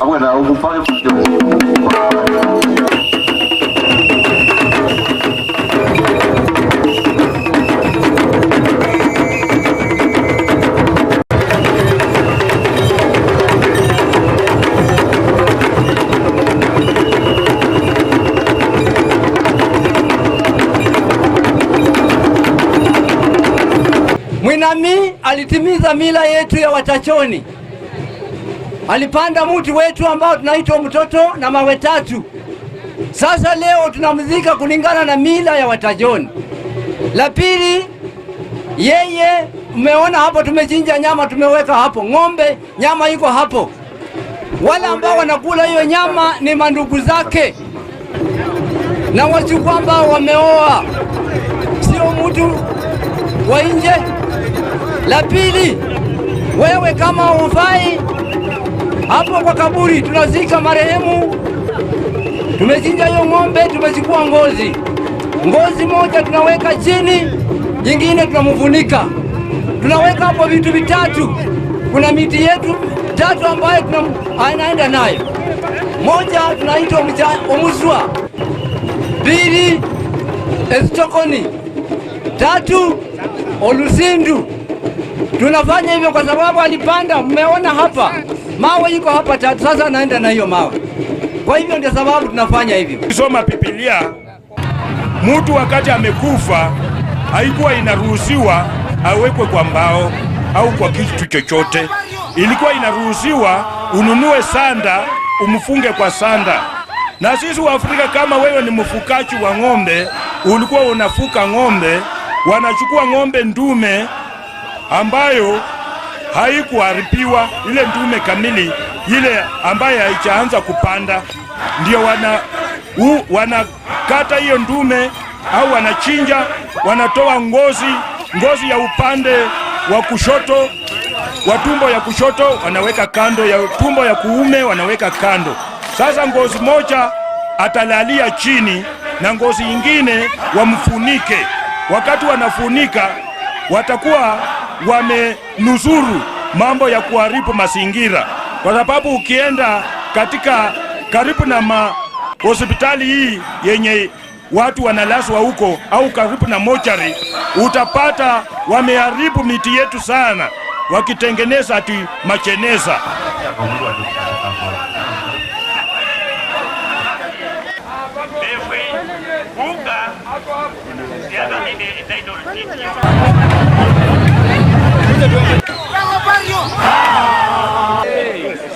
Ah ouais, bah on vous parle de Mwinami alitimiza mila yetu ya Watachoni alipanda muti wetu ambao tunaitwa mtoto na mawe tatu. Sasa leo tunamzika kulingana na mila ya Watajoni. La pili, yeye mmeona hapo, tumechinja nyama tumeweka hapo, ng'ombe nyama iko hapo. Wale ambao wanakula hiyo nyama ni mandugu zake na wasi kwamba wameoa, sio mtu wa nje. La pili, wewe kama ufai hapo kwa kaburi tunazika marehemu. Tumechinja hiyo ng'ombe, tumechukua ngozi. Ngozi moja tunaweka chini, nyingine tunamvunika. Tunaweka hapo vitu vitatu. Kuna miti yetu tatu ambayo tunaenda nayo. Moja tunaitwa omuzwa, pili estokoni, tatu olusindu. Tunafanya hivyo kwa sababu alipanda, mmeona hapa mawe iko hapa tatu, sasa naenda na hiyo mawe. Kwa hivyo ndio sababu tunafanya hivyo. Kisoma Biblia, mtu wakati amekufa haikuwa inaruhusiwa awekwe kwa mbao au kwa kitu chochote, ilikuwa inaruhusiwa ununue sanda umfunge kwa sanda. Na sisi Waafrika, kama wewe ni mfukaji wa ng'ombe, ulikuwa unafuka ng'ombe, wanachukua ng'ombe ndume ambayo haikuharibiwa ile ndume kamili ile ambaye haichaanza kupanda, ndio wana u, wanakata hiyo ndume au wanachinja, wanatoa ngozi, ngozi ya upande wa kushoto wa tumbo ya kushoto wanaweka kando, ya tumbo ya kuume wanaweka kando. Sasa ngozi moja atalalia chini na ngozi ingine wamfunike. Wakati wanafunika watakuwa wamenuzuru mambo ya kuharibu mazingira, kwa sababu ukienda katika karibu na ma hospitali hii yenye watu wanalazwa huko au karibu na mochari, utapata wameharibu miti yetu sana, wakitengeneza ati macheneza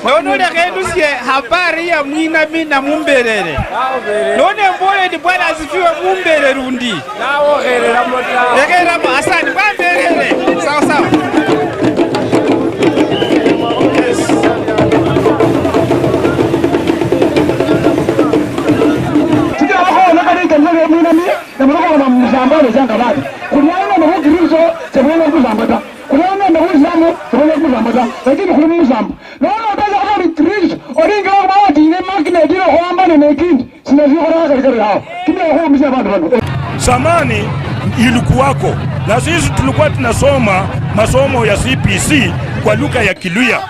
nonolekha elusiye habari ya mwinami na mumberere none mboledi bwana asifiwe mumbere rundi lekheramo asani bamberere sawasawa lakini humuzam naona utaza hata retreat oringa ba di ne makine dira hoamba ne mekindi sina vyo hara katika hao kimya ho mzee bandu bandu zamani ilikuwako na sisi tulikuwa tunasoma masomo ya CPC kwa lugha ya Kiluya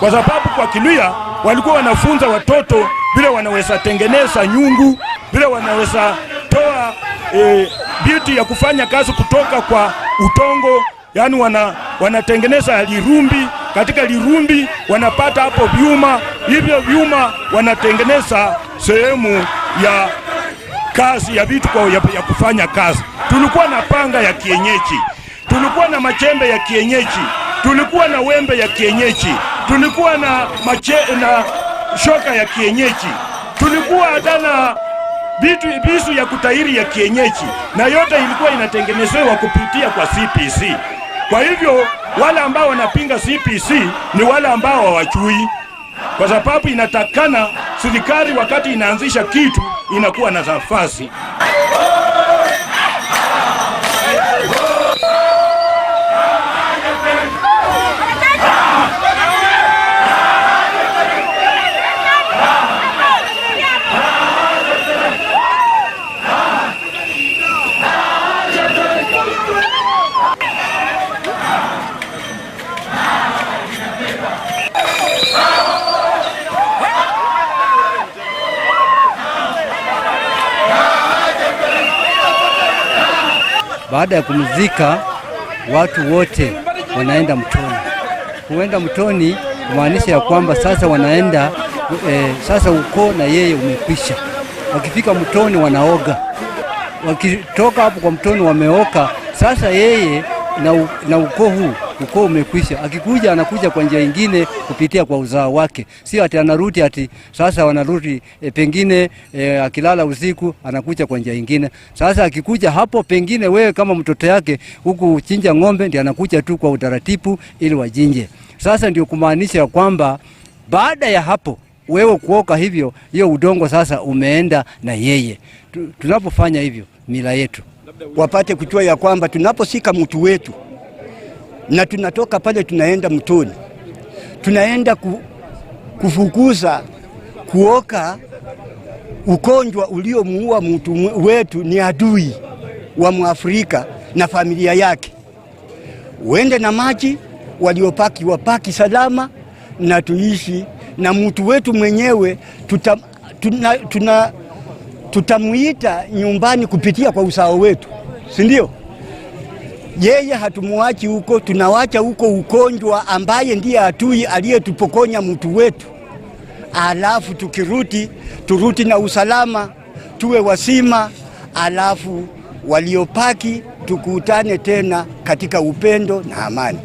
kwa sababu kwa Kiluya walikuwa wanafunza watoto vile wanaweza tengeneza nyungu vile wanaweza toa e, beauty ya kufanya kazi kutoka kwa utongo yaani wana, wanatengeneza lirumbi katika lirumbi wanapata hapo vyuma, hivyo vyuma wanatengeneza sehemu ya kazi ya vitu kwa ya, ya kufanya kazi. Tulikuwa na panga ya kienyeji, tulikuwa na machembe ya kienyeji, tulikuwa na wembe ya kienyeji, tulikuwa na, mache, na shoka ya kienyeji, tulikuwa hata na vitu visu ya kutairi ya kienyeji, na yote ilikuwa inatengenezewa kupitia kwa CPC. Kwa hivyo wale ambao wanapinga CPC ni wale ambao hawachui, kwa sababu inatakana serikali wakati inaanzisha kitu inakuwa na nafasi. Baada ya kumzika, watu wote wanaenda mtoni. Kuenda mtoni kumaanisha ya kwamba sasa wanaenda e, sasa ukoo na yeye umekwisha. Wakifika mtoni wanaoga, wakitoka hapo kwa mtoni wameoka, sasa yeye na, na ukoo huu ukoo umekwisha. Akikuja anakuja kwa njia nyingine kupitia kwa uzao wake, sio ati anarudi ati sasa wanarudi e, pengine e, akilala usiku anakuja kwa njia nyingine. Sasa akikuja hapo, pengine wewe kama mtoto yake huku chinja ng'ombe, ndio anakuja tu kwa utaratibu ili wajinje. Sasa ndio kumaanisha kwamba baada ya hapo wewe kuoka hivyo, hiyo udongo sasa umeenda na yeye. Tunapofanya hivyo mila yetu, wapate kujua ya kwamba tunaposika mtu wetu na tunatoka pale tunaenda mtoni, tunaenda ku, kufukuza kuoka ugonjwa uliomuua mtu wetu, ni adui wa Mwafrika na familia yake. Uende na maji waliopaki wapaki salama, na tuishi na mtu wetu mwenyewe tuta, tuna, tuna, tutamuita nyumbani kupitia kwa usao wetu, si ndio? yeye hatumwachi huko, tunawacha huko ugonjwa ambaye ndiye atui aliyetupokonya mtu wetu, alafu tukiruti turuti na usalama, tuwe wasima, alafu waliopaki tukutane tena katika upendo na amani.